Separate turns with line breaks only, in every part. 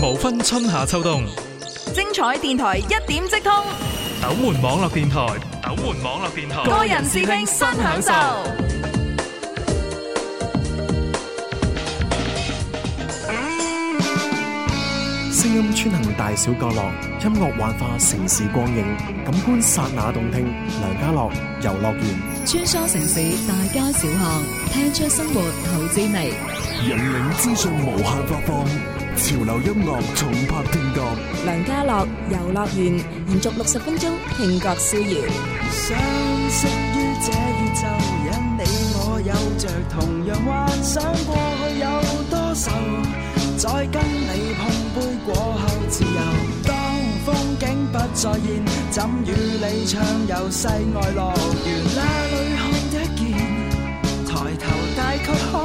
無分春夏秋冬，精彩電台一點即通。斗門網絡電台，斗門網絡電台，個人視聽新享受。聲音穿行大小角落，音樂幻化城市光影，感官剎那動聽。梁家樂遊樂園，
穿梭城市大街小巷，聽出生活好滋味。
引領資訊
無限發放。潮流音樂重拍聽覺，
梁家樂遊樂園
延續六十分鐘聽覺逍遙。
相識於這宇宙，因你我有着同樣幻想，過去有多愁，再跟你碰杯過後自由。當風景不再現，怎與你暢遊世外樂園？那裏看一見，抬頭帶曲。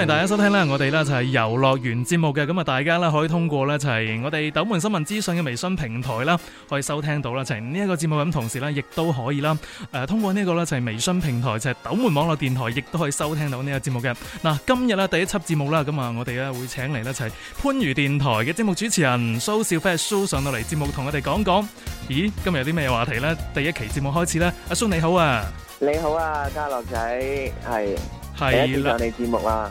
歡迎大家收聽咧，我哋咧就係遊樂園節目嘅。咁啊大家咧可以通過咧就係我哋斗門新聞資訊嘅微信平台啦，可以收聽到啦。就呢一個節目咁，同時咧亦都可以啦。誒，通過呢個咧就係微信平台，就係斗門網絡電台，亦都可以收聽到呢個節目嘅。嗱，今日咧第一輯節目啦，咁啊我哋咧會請嚟咧就係番禺電台嘅節目主持人蘇紹輝蘇上到嚟節目，同我哋講講，咦今日有啲咩話題咧？第一期節目開始啦，阿蘇你好啊，
你好啊，家樂仔係。係啦，
你節目啦，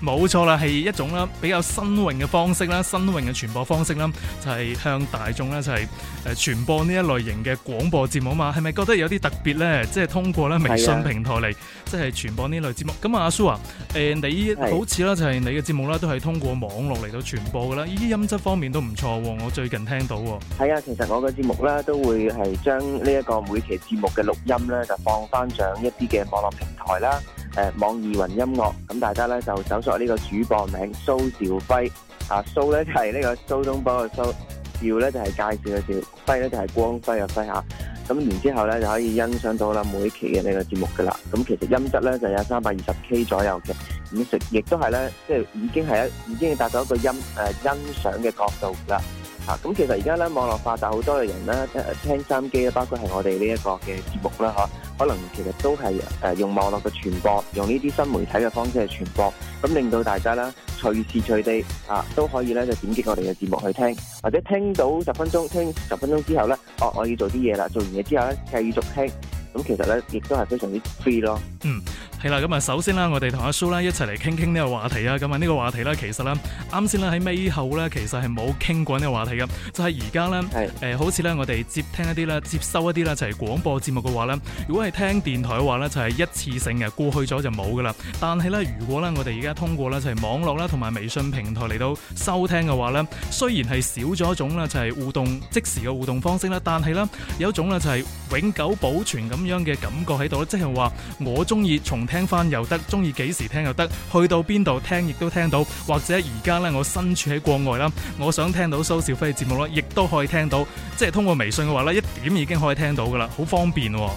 冇 錯啦，係一種啦比較新穎嘅方式啦，新穎嘅傳播方式啦，就係、是、向大眾咧就係誒傳播呢一類型嘅廣播節目啊嘛，係咪覺得有啲特別咧？即係通過咧微信平台嚟，即係傳播呢類節目。咁啊，阿蘇啊，誒，你好似啦，就係你嘅節目啦，都係通過網絡嚟到傳播噶啦。呢啲音質方面都唔錯，我最近聽到。係啊，其
實我嘅節目咧都會係將呢一個每期節目嘅錄音咧就放翻上一啲嘅網絡平台啦。誒，網易雲音樂，咁大家咧就搜索呢個主播名蘇紹輝，啊蘇咧係呢、就是這個蘇東坡嘅蘇，紹咧就係、是、介紹嘅紹，輝咧就係、是、光輝嘅輝吓，咁然之後咧就可以欣賞到啦每期嘅呢個節目噶啦，咁其實音質咧就有三百二十 K 左右嘅，咁食亦都係咧即係已經係一已經達到一個音誒、呃、欣賞嘅角度啦。咁、啊、其實而家咧網絡發達好多嘅人咧，聽收音機咧，包括係我哋呢一個嘅節目啦，嗬、啊，可能其實都係誒用網絡嘅傳播，用呢啲新媒體嘅方式去傳播，咁令到大家咧隨時隨地啊都可以咧就點擊我哋嘅節目去聽，或者聽到十分鐘，聽十分鐘之後咧，哦、啊，我要做啲嘢啦，做完嘢之後咧繼續聽，咁、啊、其實咧亦都係非常之 free 咯，嗯。
係啦，咁啊，首先啦，我哋同阿蘇啦一齊嚟傾傾呢個話題啊。咁啊，呢個話題咧，其實咧，啱先啦，喺尾後咧，其實係冇傾過呢個話題嘅。就係而家咧，誒、呃，好似咧我哋接聽一啲咧、接收一啲咧，就係廣播節目嘅話咧。如果係聽電台嘅話咧，就係、是、一次性嘅，過去咗就冇噶啦。但係咧，如果咧我哋而家通過咧就係網絡啦，同埋微信平台嚟到收聽嘅話咧，雖然係少咗一種咧就係互動即時嘅互動方式啦，但係咧有一種咧就係永久保存咁樣嘅感覺喺度，即係話我中意從。聽翻又得，中意幾時聽又得，去到邊度聽亦都聽到，或者而家咧我身處喺國外啦，我想聽到蘇紹輝嘅節目咧，亦都可以聽到，即係通過微信嘅話咧，一點已經可以聽到噶啦，好方便，哦。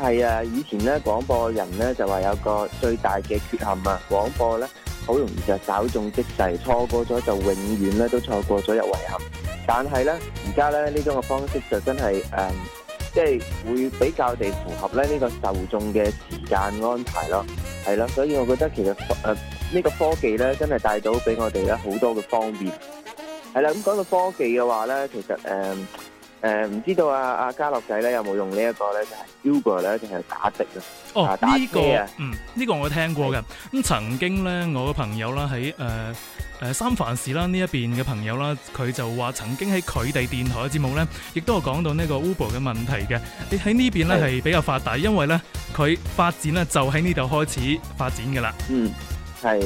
係啊，以前咧廣播人咧就話有個最大嘅缺陷啊，廣播咧好容易就稍縱即逝，錯過咗就永遠咧都錯過咗，有遺憾。但係咧而家咧呢，呢種嘅方式就真係誒。嗯即係會比較地符合咧呢個受眾嘅時間安排咯，係啦，所以我覺得其實誒呢、呃這個科技咧真係帶到俾我哋咧好多嘅方便，係啦，咁講到科技嘅話咧，其實誒。呃誒、嗯，唔知道阿阿家樂仔
咧有冇用這呢一個咧，就係、是、Uber 咧，定係打的咧？哦，呢、啊啊這個嗯，呢、這個我聽過嘅。咁、嗯、曾經咧，我嘅朋友啦，喺誒誒三藩市啦呢一邊嘅朋友啦，佢就話曾經喺佢哋電台嘅節目咧，亦都有講到呢個 Uber 嘅問題嘅。你喺呢邊咧係比較發達，因為咧佢發展咧就喺呢度開始發展噶啦。嗯，
係。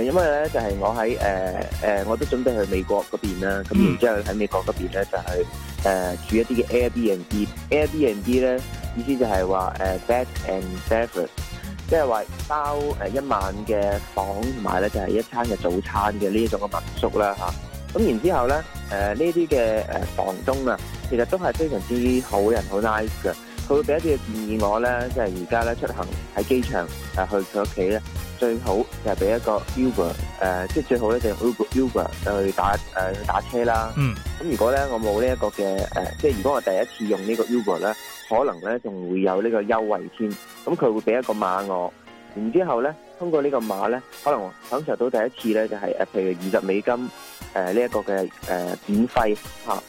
因為咧，就係我喺誒誒，我都準備去美國嗰邊啦。咁、嗯、然之後喺美國嗰邊咧，就係誒住一啲嘅 Airbnb。Airbnb 咧意思就係話誒 Bed and b r e a f a s t 即係話包誒一晚嘅房，同埋咧就係一餐嘅早餐嘅呢種嘅民宿啦嚇。咁、啊、然之後咧誒呢啲嘅誒房東啊，其實都係非常之好人好 nice 嘅。佢會俾一啲嘅建議我咧，即係而家咧出行喺機場誒去佢屋企咧。最好就係俾一個 Uber，誒、呃，即係最好咧就用 Uber Uber 去打誒、呃、打車啦。咁、嗯、如果咧我冇呢一個嘅誒、呃，即係如果我第一次用呢個 Uber 咧，可能咧仲會有呢個優惠先。咁、嗯、佢會俾一個碼我，然之後咧通過個馬呢個碼咧，可能我享受到第一次咧就係誒，譬如二十美金誒呢一個嘅誒免費嚇。啊。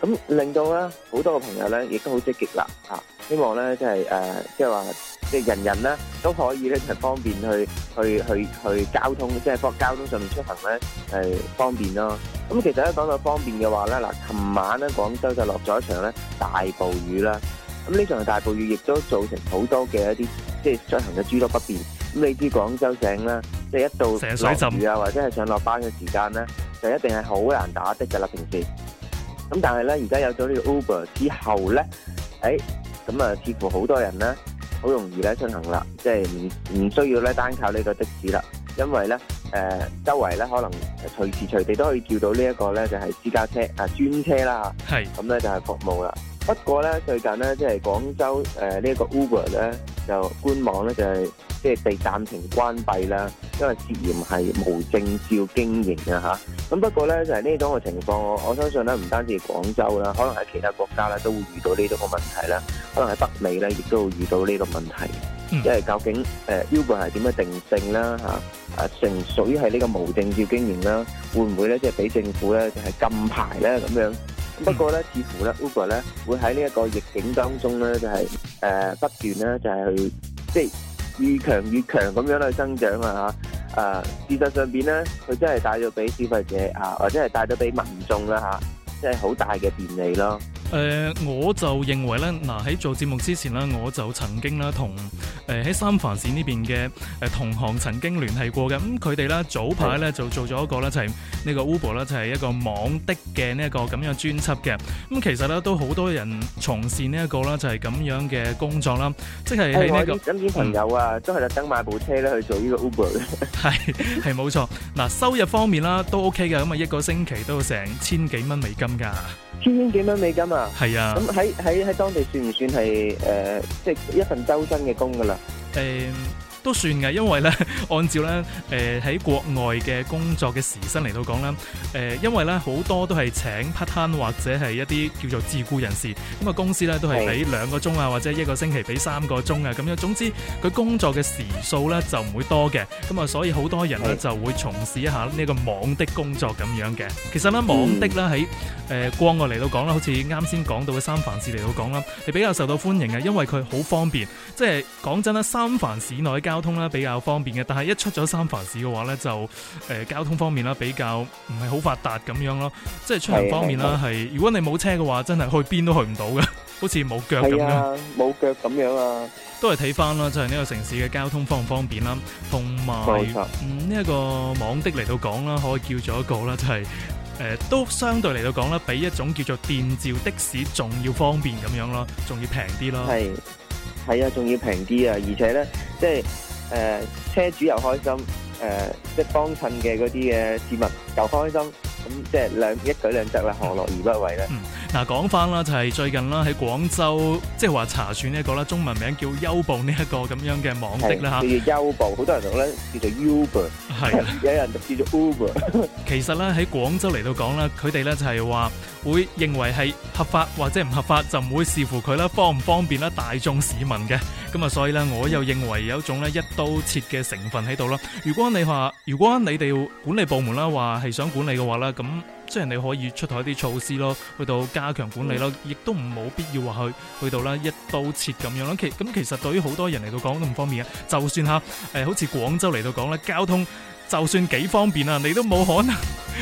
咁令到咧，好多嘅朋友咧，亦都好積極啦嚇！希望咧，即係誒，即係話，即係人人咧都可以咧，就係方便去去去去交通，即係個交通上面出行咧，係方便咯。咁其實咧講到方便嘅話咧，嗱，琴晚咧廣州就落咗一場咧大暴雨啦。咁呢場大暴雨亦都造成好多嘅一啲，即係出行嘅諸多不便。咁你知廣州醒啦，即係一到落雨啊，或者係上落班嘅時間咧，就一定係好難打的㗎啦，平時。咁但係咧，而家有咗呢個 Uber 之後咧，咁、哎、啊，似乎好多人咧，好容易咧出行啦，即係唔唔需要咧單靠呢個的士啦，因為咧誒、呃，周圍咧可能隨時隨地都可以叫到呢一個咧就係、是、私家車啊專車啦嚇，係，咁咧就係服務啦。不過咧最近咧，即、就、係、是、廣州誒呢一個 Uber 咧。就官網咧就係即係被暫停關閉啦，因為涉嫌係無證照經營啊嚇。咁不過咧就係呢種嘅情況，我我相信咧唔單止廣州啦，可能喺其他國家咧都會遇到呢種嘅問題啦。可能喺北美咧亦都會遇到呢個問題，因為究竟誒 Uber 係點嘅定性啦嚇，啊純屬於係呢個無證照經營啦，會唔會咧即係俾政府咧就係禁牌咧咁樣？不過咧，似乎咧，Uber 咧會喺呢一個逆境當中咧，就係呃、不斷咧，就係、係、去即、就係、越強越強咁樣去增長啊，啊事實上邊咧，佢真係帶咗俾消費者、啊、或者係帶咗俾民眾啦嚇，即係好大嘅便利咯。
誒、呃、我就認為咧，嗱喺做節目之前咧，我就曾經咧同誒喺三藩市呢邊嘅誒同行曾經聯繫過嘅，咁佢哋咧早排咧就做咗一個咧就係、是、呢個 Uber 咧就係、是、一個網的嘅呢一個咁樣專輯嘅，咁、嗯、其實咧都好多人從事呢一個啦就係、是、咁樣嘅工作啦，即係喺呢個身邊、欸、朋
友啊、嗯、都係特登買部車咧去做呢個 Uber 嘅，係係冇錯嗱
收入方面啦都 OK 嘅，咁啊一個星期都有成千幾蚊美金噶，千幾蚊美
金啊！係啊，咁喺喺喺當地算唔算係誒？即、呃、係、即係、一份周身嘅工噶啦？
誒、嗯。都算嘅，因為咧，按照咧，誒、呃、喺國外嘅工作嘅時薪嚟到講咧，誒、呃、因為咧好多都係請 part time 或者係一啲叫做自雇人士，咁、那、啊、個、公司咧都係俾兩個鐘啊，或者一個星期俾三個鐘啊，咁樣總之佢工作嘅時數咧就唔會多嘅，咁啊所以好多人咧、嗯、就會從事一下呢個網的工作咁樣嘅。其實咧網的咧喺誒國外嚟到講啦，好似啱先講到嘅三藩市嚟到講啦，係比較受到歡迎嘅，因為佢好方便。即係講真啦三藩市內。交通咧比較方便嘅，但係一出咗三藩市嘅話呢，就誒、呃、交通方面啦比較唔係好發達咁樣咯，即係出行方面啦係。如果你冇車嘅話，真係去邊都去唔到㗎，好似冇腳咁樣，冇腳
咁樣啊。
都係睇翻啦，就係、是、呢個城市嘅交通方唔方便啦，同埋呢一個網的嚟到講啦，可以叫做一個啦，就係、是呃、都相對嚟到講啦，比一種叫做電召的士仲要方便咁樣咯，仲要平啲咯。
係啊，仲要平啲啊，而且咧，即係誒，車主又開心，誒、呃，即係幫襯嘅嗰啲嘅市民又開心。咁即係兩一舉兩得啦，何樂而不為
咧？嗯，嗱、啊，講翻啦，就係、是、最近啦，喺廣州即係話查處呢一個啦，中文名叫優步呢一個咁
樣嘅網的啦吓。叫優步，好多人讀咧，叫做 Uber，係啊，有人叫做
Uber。 其實咧喺廣州嚟到講啦，佢哋咧就係、是、話會認為係合法或者唔合法，就唔會視乎佢啦，方唔方便啦，大眾市民嘅。咁啊，所以咧，我又認為有一種咧一刀切嘅成分喺度啦。如果你話，如果你哋要管理部門啦話係想管理嘅話咧。咁雖然你可以出台一啲措施咯，去到加強管理咯，亦都唔冇必要話去去到啦一刀切咁樣啦。其咁其實對於好多人嚟到講都唔方便啊。就算吓誒、呃，好似廣州嚟到講咧，交通就算幾方便啊，你都冇可能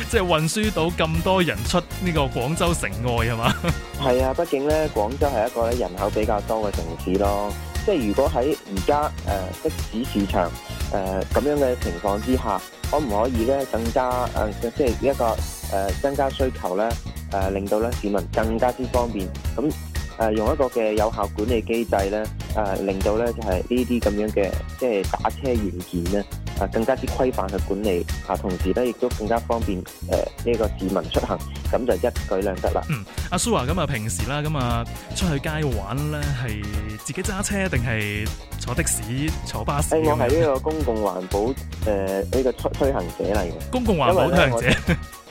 即係運輸到咁多人出呢個廣州城外係嘛？
係啊，畢竟咧，廣州係一個咧人口比較多嘅城市咯。即係如果喺而家誒的士市場。誒、呃、咁樣嘅情況之下，可唔可以咧更加即係、就是、一個誒、呃、增加需求咧？誒、呃、令到咧市民更加之方便，咁、嗯、誒、呃、用一個嘅有效管理機制咧，誒、呃、令到咧就係呢啲咁樣嘅即係打車軟件咧。啊，更加之規範去管理，啊，同時咧亦都更加方便誒呢、呃這個市民出行，咁就一舉兩得啦。嗯，
阿蘇華咁啊，平時啦，咁啊出去街玩咧，係自己揸車定係坐的
士、坐巴士、哎？我係呢個公共環保誒呢、呃這個推推行者嚟嘅。公共環保推行者，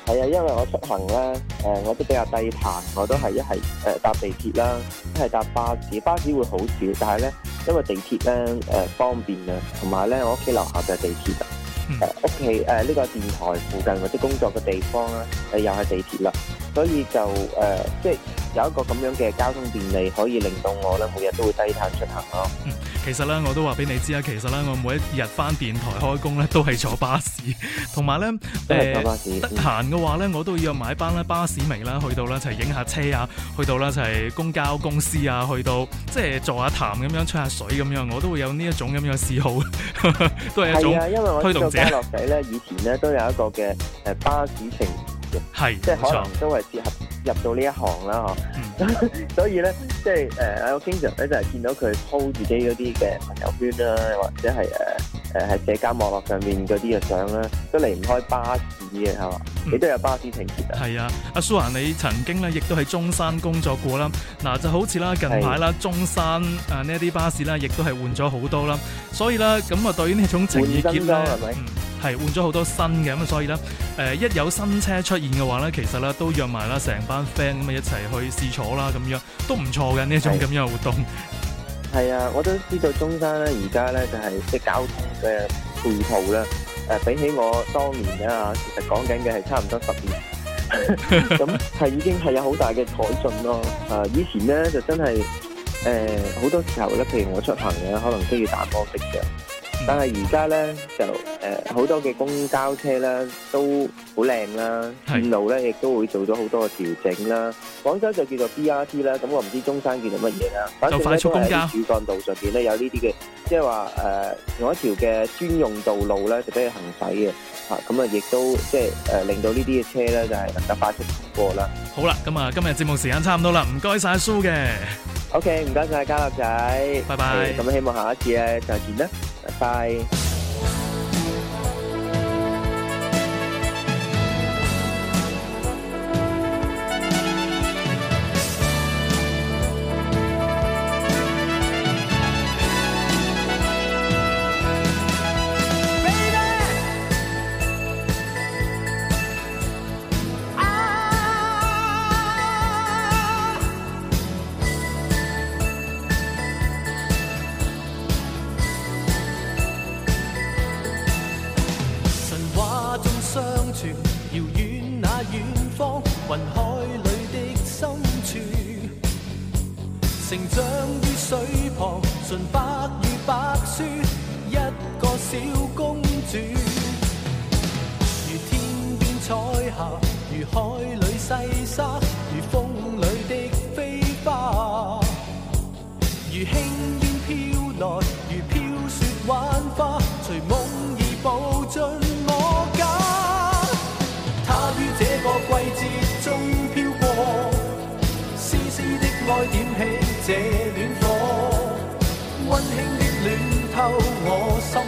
係啊， 因為我出行咧誒、呃，我都比較低碳，我都係一係誒、呃、搭地鐵啦，一係搭巴士，巴士會好少，但係咧。因為地鐵咧，誒、呃、方便呀，同埋咧，我屋企樓下就係地鐵啦。嗯。誒屋企誒呢個電台附近或者工作嘅地方咧，誒、呃、又係地鐵啦。所以就誒、呃，即係。有一個咁樣嘅交通便利，可以令到我咧每日都會低碳出行咯、
啊嗯。其實咧，我都話俾你知啊。其實咧，我每一日返電台開工咧，都係坐巴士，同埋咧誒，都係坐巴士，得閒嘅話咧，我都要買班咧巴士迷啦，去到啦就係、是、影下車啊，去到啦就係、是、公交公司啊，去到即係坐下談咁樣吹下水咁樣，我都會有呢一種咁
樣嘅嗜好， 都係一種推動者。落嚟咧， 以前咧都有一個嘅誒、呃、巴士情。係，即係、就是，可能都係適合入到呢一行啦，嗯、 所以咧，即係誒，我經常咧就係見到佢 po 自己嗰啲嘅朋友圈啦、啊，或者係誒誒喺社交網絡上面嗰啲嘅相啦，都離唔開巴士嘅。吓，你、嗯，都有巴士情結
啊。係啊，阿舒華，你曾經咧亦都喺中山工作過啦。嗱，就好似啦，近排啦，中山啊呢一啲巴士咧，亦都係換咗好多啦。所以啦，咁啊，對於呢種情意結咧。係換咗好多新嘅，咁所以咧，誒、呃、一有新車出現嘅話咧，其實咧都約埋啦成班 friend 咁啊一齊去試坐啦，咁樣都唔錯嘅呢一種咁樣嘅活動。
係啊，我都知道中山咧而家咧就係即係交通嘅配套啦，誒、呃、比起我當年嘅啊，其實講緊嘅係差唔多十年，咁 係 已經係有好大嘅改進咯。啊、呃，以前咧就真係誒好多時候咧，譬如我出行啊，可能都要打波式嘅。但係而家咧就誒好、呃、多嘅公交車咧都好靚啦，線路咧亦都會做咗好多嘅調整啦。廣州就叫做 BRT 啦，咁我唔知中山叫做乜嘢啦。反正咧快速公交，喺主幹道上面咧有呢啲嘅，即係話誒用一條嘅專用道路咧就俾佢行駛嘅。咁啊，亦都即係誒，令到呢啲嘅車咧，就係能夠快速通過啦。
好啦，咁啊，今日節目時間差唔多啦，唔該晒阿蘇嘅。
OK，唔該晒家樂仔，拜拜。咁希望下一次咧再見啦，拜拜。
起這暖火，溫馨的暖透我心。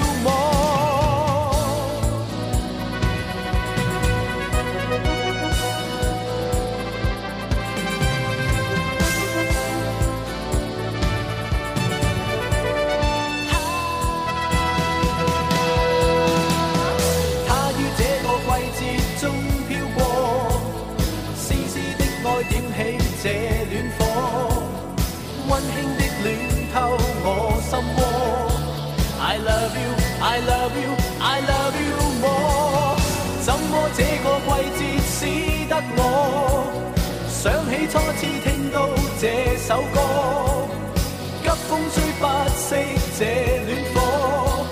初次聽到這首歌，急風吹不熄這暖火。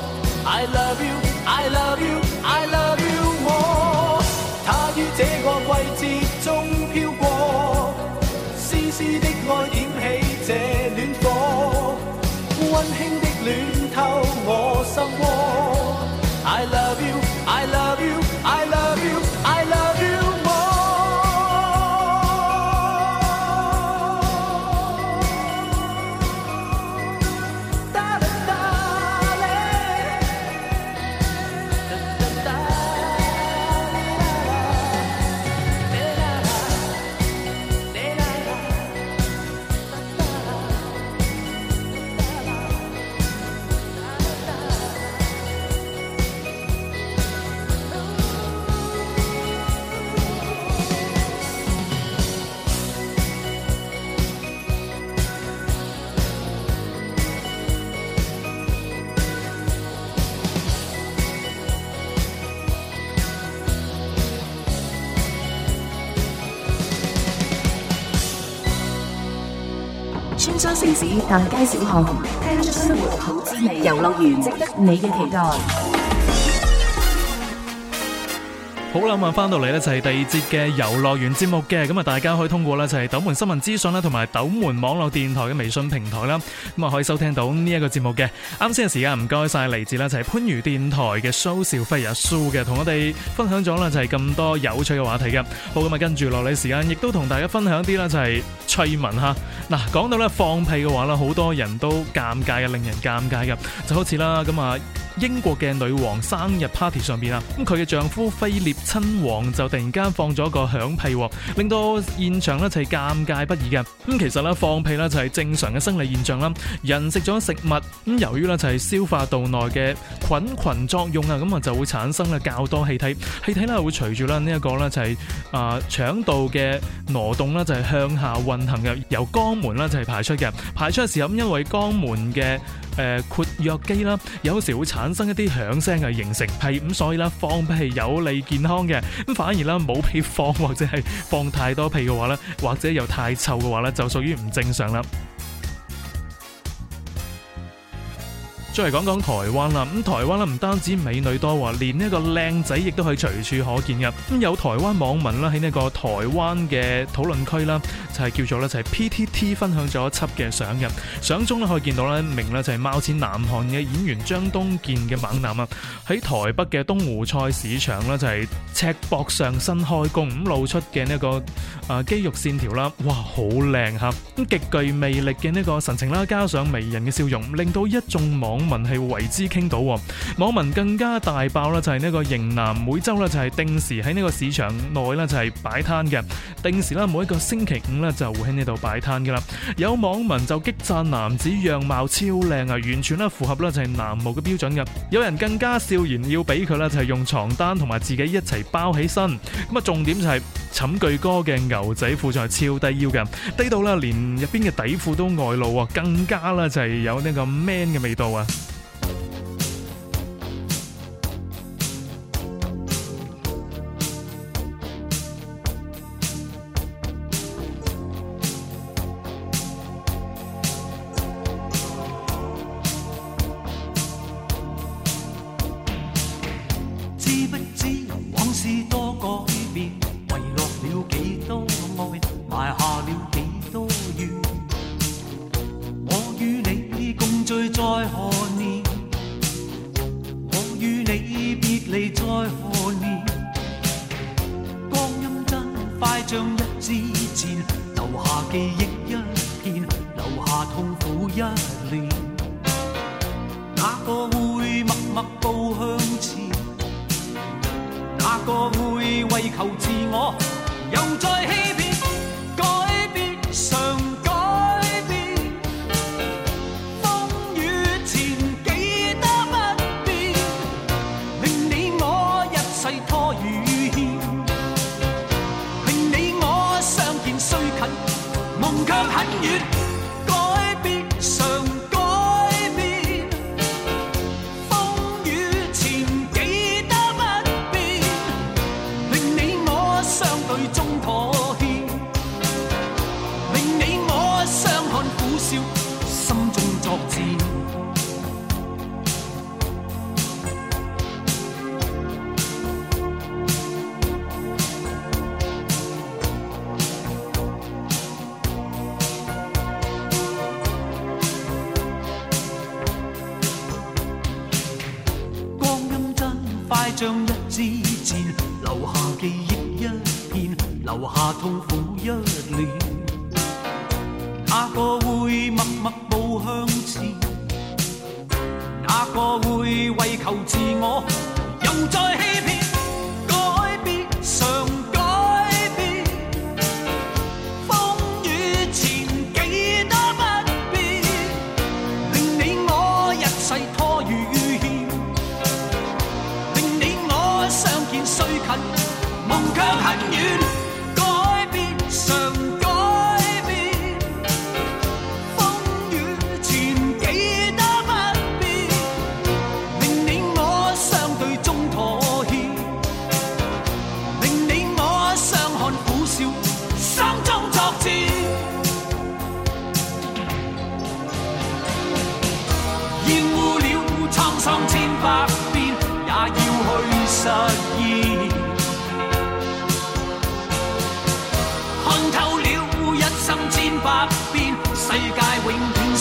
I love you, I love you, I love you more。與我它於這個季節中飄過，絲絲的愛點起這暖火，溫馨的暖透我心窩。城市大街小巷，聽出生活好滋味。遊樂園值得你嘅期待。
好啦，咁啊，翻到嚟咧就係第二節嘅遊樂園節目嘅，咁啊，大家可以通過咧就係斗門新聞資訊啦，同埋斗門網絡電台嘅微信平台啦，咁啊可以收聽到呢一個節目嘅。啱先嘅時間唔該晒，嚟自咧就係番禺電台嘅蘇紹輝阿蘇嘅，同我哋分享咗啦就係咁多有趣嘅話題嘅。好，咁啊，跟住落嚟時間亦都同大家分享一啲啦就係趣聞吓。嗱，講到咧放屁嘅話啦，好多人都尷尬嘅，令人尷尬嘅，就好似啦咁啊，英國嘅女王生日 party 上邊啊，咁佢嘅丈夫菲利。親王就突然間放咗個響屁，令到現場呢就係尷尬不已嘅。咁其實呢，放屁呢就係正常嘅生理現象啦。人食咗食物，咁由於呢就係消化道內嘅菌群作用啊，咁啊就會產生嘅較多氣體。氣體呢會隨住呢一個呢就係啊腸道嘅挪動，呢就係向下運行嘅，由肛門呢就係排出嘅。排出嘅時候，因為肛門嘅。誒括約肌啦，有時會產生一啲響聲嚟形成屁。咁所以啦，放屁係有利健康嘅，咁反而啦冇屁放或者係放太多屁嘅話咧，或者又太臭嘅話咧，就屬於唔正常啦。再嚟講講台灣啦，咁台灣咧唔單止美女多喎，連呢個靚仔亦都係隨處可見嘅。咁有台灣網民啦喺呢個台灣嘅討論區啦，就係、是、叫做咧就係 PTT 分享咗一輯嘅相嘅，相中咧可以見到一名咧就係貌似南韓嘅演員張東健嘅猛男啊，喺台北嘅東湖菜市場啦，就係赤膊上身開工，咁露出嘅呢個啊肌肉線條啦，哇，好靚嚇！咁極具魅力嘅呢個神情啦，加上迷人嘅笑容，令到一眾網民民氣為之傾倒。哦，網民更加大爆啦，就係、是、呢個型男每週咧就係定時喺呢個市場內咧就係擺攤嘅，定時咧每一個星期五咧就會喺呢度擺攤噶啦。有網民就激讚男子樣貌超靚啊，完全咧符合咧就係男模嘅標準嘅。有人更加笑言要俾佢咧就係、是、用床單同埋自己一齊包起身，咁啊重點就係、是。沉具哥嘅牛仔褲就係超低腰嘅，低到啦，連入邊嘅底褲都外露啊，更加啦就係有呢個 man 嘅味道啊！
個會為求自我，又再 一臉，哪個會默默步向前？哪個會為求自我又再欺騙？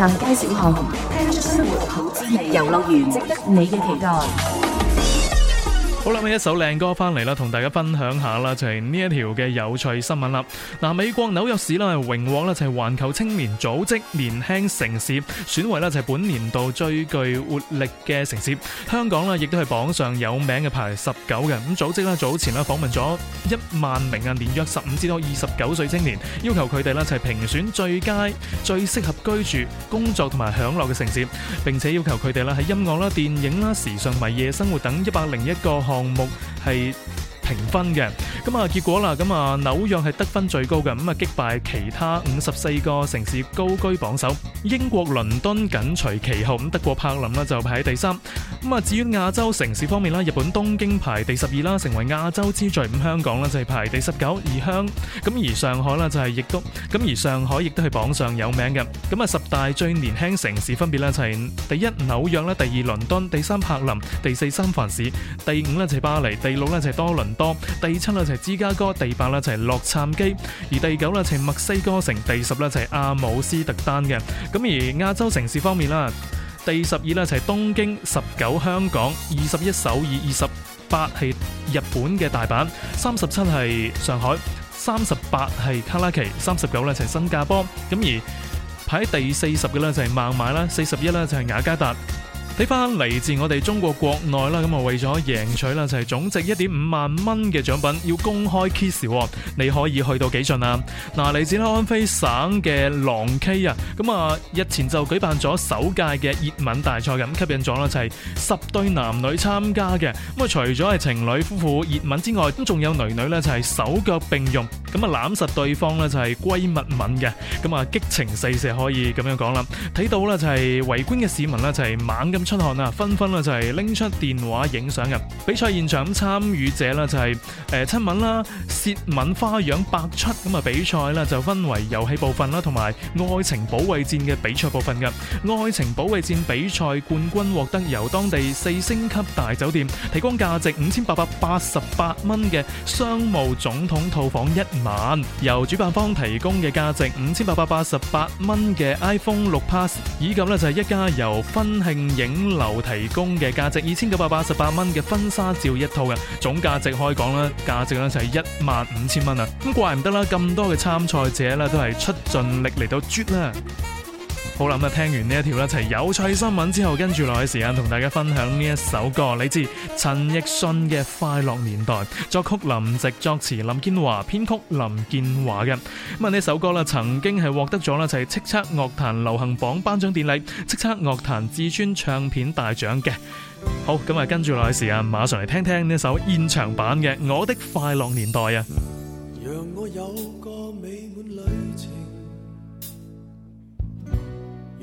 大街小巷，生活好滋味，遊樂園，值得你嘅期待。
好啦，呢一首靚歌翻嚟啦，同大家分享下啦，就係呢一條嘅有趣新聞啦。嗱，美國紐約市啦，榮獲呢就係環球青年組織年輕城市，選為呢就係本年度最具活力嘅城市。香港呢亦都係榜上有名嘅，排十九嘅。咁組織啦，早前啦訪問咗一萬名啊，年約十五至到二十九歲青年，要求佢哋呢就係評選最佳、最適合居住、工作同埋享樂嘅城市，並且要求佢哋啦喺音樂啦、電影啦、時尚同埋夜生活等一百零一個。項目係。評分嘅咁啊，結果啦，咁啊紐約係得分最高嘅，咁啊擊敗其他五十四個城市高居榜首。英國倫敦緊隨其後，咁德國柏林呢就排喺第三。咁啊至於亞洲城市方面啦，日本東京排第十二啦，成為亞洲之最。咁香港呢就係排第十九，而香咁而上海呢就係亦都咁而上海亦都係榜上有名嘅。咁啊十大最年輕城市分別呢，就係第一紐約呢，第二倫敦，第三柏林，第四三藩市，第五咧就係巴黎，第六咧就係多倫。多第七啦就係芝加哥，第八啦就係洛杉磯，而第九啦就係墨西哥城，第十啦就係阿姆斯特丹嘅。咁而亞洲城市方面啦，第十二啦就係東京，十九香港，二十一首爾，二十八係日本嘅大阪，三十七係上海，三十八係卡拉奇，三十九咧就係新加坡。咁而排喺第四十嘅咧就係孟買啦，四十一咧就係雅加達。睇翻嚟自我哋中國國內啦，咁啊為咗贏取啦就係總值一點五萬蚊嘅獎品，要公開 kiss，你可以去到幾盡啊？嗱，嚟自安徽省嘅郎溪啊，咁啊日前就舉辦咗首屆嘅熱吻大賽，咁吸引咗啦就係十對男女參加嘅，咁啊除咗係情侶夫婦熱吻之外，咁仲有女女咧就係手腳並用，咁啊攬實對方咧就係閨蜜吻嘅，咁啊激情四射可以咁樣講啦。睇到啦就係圍觀嘅市民啦就係猛咁。出汗啊，紛紛啦，就係拎出電話影相嘅。比賽現場參與者啦就係、是、誒、呃、親吻啦、舌吻花樣百出咁啊！比賽啦就分為遊戲部分啦，同埋愛情保衛戰嘅比賽部分嘅。愛情保衛戰比賽冠軍獲得由當地四星級大酒店提供價值五千八百八十八蚊嘅商務總統套房一晚，由主辦方提供嘅價值五千八百八十八蚊嘅 iPhone 六 Plus 以及咧就係一家由婚慶影，五樓提供嘅價值二千九百八十八蚊嘅婚紗照一套嘅，總價值開講啦，價值咧就係一萬五千蚊啊！咁怪唔得啦，咁多嘅參賽者咧都係出盡力嚟到啜啦。好啦，咁啊，聽完呢一條啦，一齊有趣新聞之後，跟住落去時間同大家分享呢一首歌。你知陳奕迅嘅《快樂年代》，作曲林夕，作詞林建華，編曲林建華嘅。咁啊呢一首歌啦，曾經係獲得咗啦，就係叱咤樂壇流行榜頒獎典禮叱咤樂壇至尊唱片大獎嘅。好，咁啊跟住落去時間，馬上嚟，聽聽呢一首現場版嘅《我的快樂年代》啊。
讓我有個美滿旅程。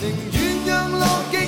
寧願讓落寞。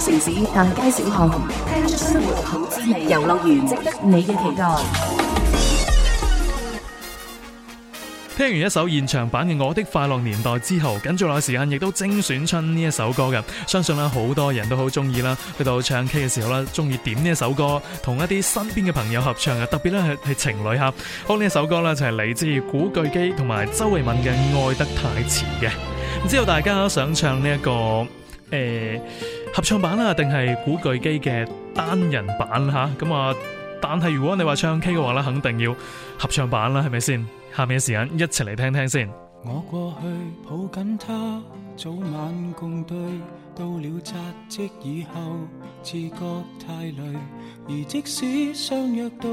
城市大街小巷，聽出生
活好滋味。遊樂園值得你嘅期待。聽完一首現場版嘅《我的快樂年代》之後，緊住耐嚟，時間亦都精選出呢一首歌嘅。相信啦，好多人都好中意啦。去到唱 K 嘅時候啦，中意點呢一首歌，同一啲身邊嘅朋友合唱啊！特別咧，系係情侶吓，好呢一首歌呢，就係嚟,自古巨基同埋周慧敏嘅《愛得太遲》嘅。唔知道大家想唱呢、這、一個誒？欸合唱版啦，定係古巨基嘅單人版吓？咁啊，但係如果你話唱 K 嘅話咧，肯定要合唱版啦，係咪先？下面嘅時間一齊嚟聽聽先。
我過去抱緊他，早晚共對。到了紮職以後，自覺太累。而即使相約到，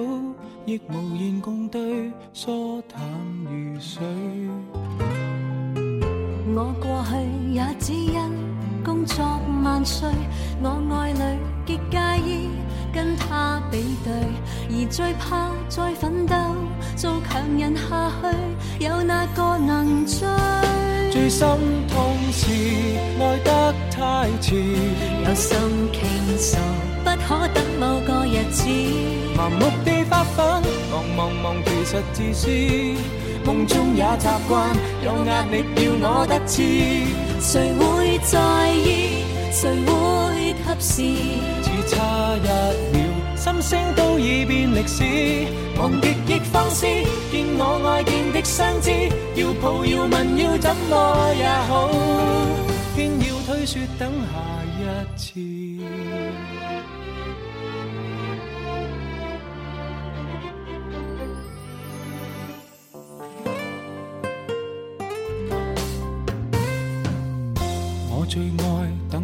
亦無言共對，疏淡如水。
我過去也只因。工作萬歲，我愛侶極介意跟他比對，而最怕再奮鬥做強人下去，有哪個能追？最心痛是愛得太遲，有心傾訴，不可等某個日子，盲目地發奮，忙忙忙，其實自私。夢中也習慣，有壓力要我得志，誰會在意？誰會及時？只差一秒，心聲都已變歷史。望極憶放肆，見我愛見的相知，要抱要問要怎麼也好，偏要推說等下一次。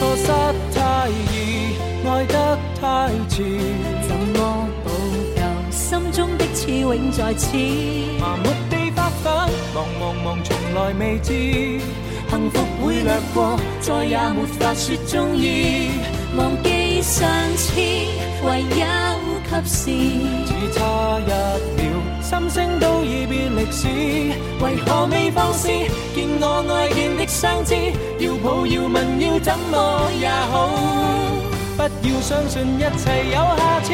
錯失太易，愛得太遲，怎麼補救？心中的刺永在此，麻木地發奮，忙忙忙，從來未知，幸福會掠過，再也沒法說中意，忘記上次，唯有及時，只差一。心聲都已變歷史，為何未放肆？見我愛見的相知，要抱要吻要怎麼也好？不要相信一切有下次，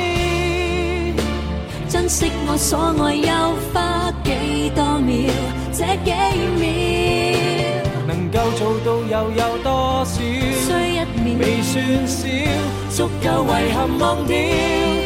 珍惜我所愛又花幾多秒？這幾秒能夠做到又有多少？雖一秒未算少，足夠遺憾忘掉。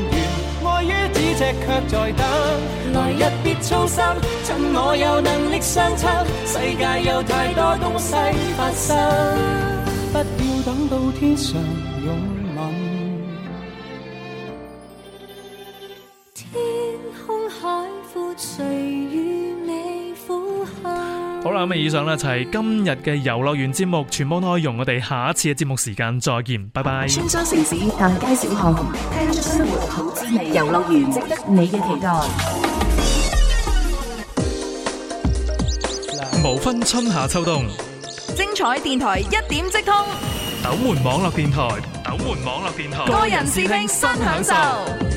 卻在等，來日別操心，趁我有能力相親，世界有太多東西發生，
不要等到天上。
好啦，咁以上呢就係今日嘅遊樂園節目全部內容，我哋下一次嘅節目時間再見，拜拜。穿
梭城市大街小巷，聽出生活好滋味，遊樂園值得你嘅期待。
無分春夏秋冬，精彩電台一點即通。斗門網絡電台，斗門網絡電台，個人視聽新享
受。